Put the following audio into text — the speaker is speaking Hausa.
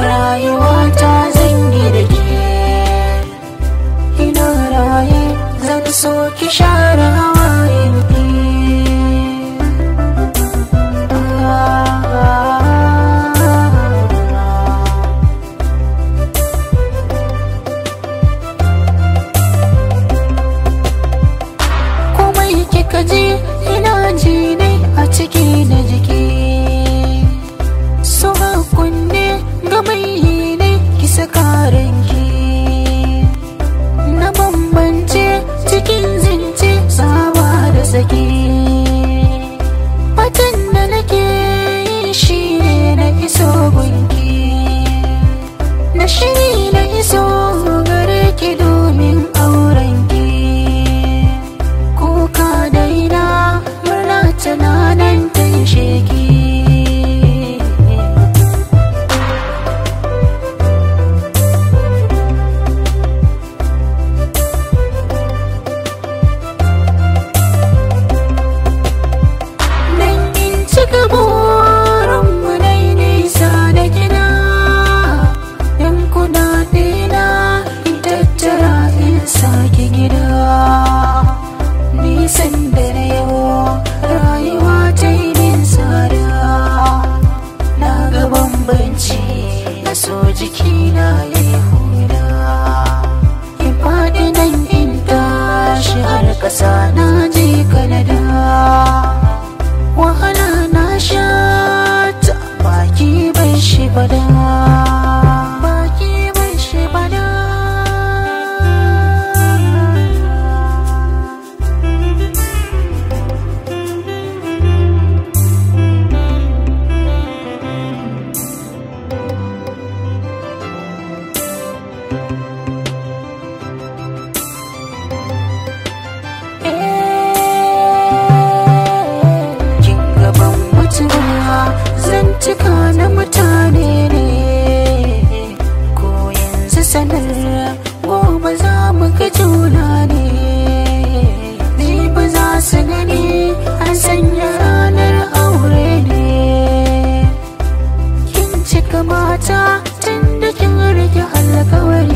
rayuwata zan yi da ke ina raye zan so ki share so gunki na shiri na ni sen de maganar gobe za mu ga juna ne jibi za su gani a sanya ranar aure ne kin ci cika mata tun da kin rike alkawari